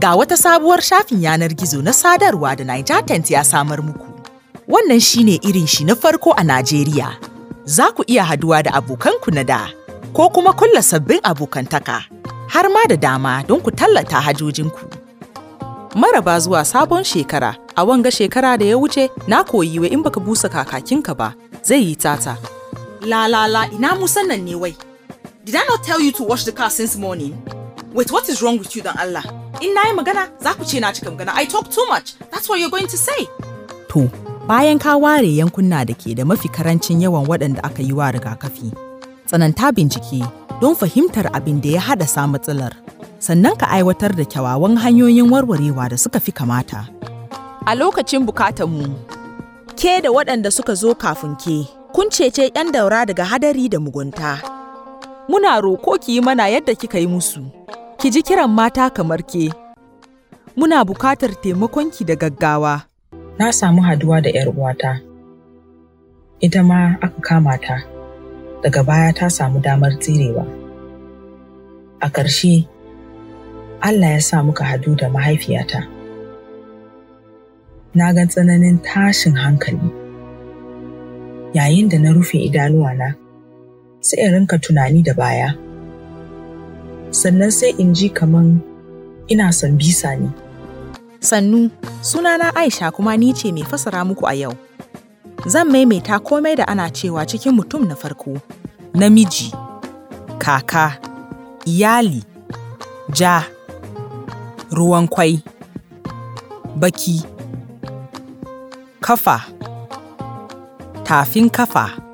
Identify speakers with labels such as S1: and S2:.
S1: Ga wata sabuwar shafin yanar gizo na sadarwa da Niger Tent ya samar muku. Wannan shi ne irin shi na farko a Najeriya. Za ku iya haduwa da abokanku na da, ko kuma kulla sabbin abokantaka, har ma da dama don ku tallata hajojinku. Maraba zuwa sabon shekara, a wanga shekara da ya wuce na koyi wa in baka busa kakakinka ba, zai yi tata. La la la ina musan nan ne wai. Did I not tell you to wash the car since morning? Wait, what is wrong with you dan Allah? in na yi magana za ku ce na cika magana I talk too much that's what you're going to say. To bayan ka ware yankunna da ke da mafi karancin yawan waɗanda aka yi wa rigakafi tsananta bincike don fahimtar abin da ya sa matsalar sannan ka aiwatar da kyawawan hanyoyin warwarewa da suka fi kamata. A lokacin mu ke da waɗanda suka zo kafin ke, kun cece 'yan daura daga hadari da mugunta. Muna roko ki yi mana yadda kika yi musu. ki ji kiran mata kamar ke. Muna bukatar taimakonki da gaggawa. Na samu haduwa da 'yar uwata. Ita ma aka kama ta, daga baya ta samu damar tsirewa. A ƙarshe, Allah ya sa muka hadu da mahaifiyata. Na ga tsananin tashin hankali. Yayin da na rufe na, sai in rinka tunani da baya. sannan sai in ji kaman ina son bisa ne. Sannu, sunana Aisha kuma ni ce mai fasara muku a yau. Zan maimaita komai da ana cewa cikin mutum na farko, namiji, kaka, iyali, ja, ruwan kwai, baki, kafa, tafin kafa.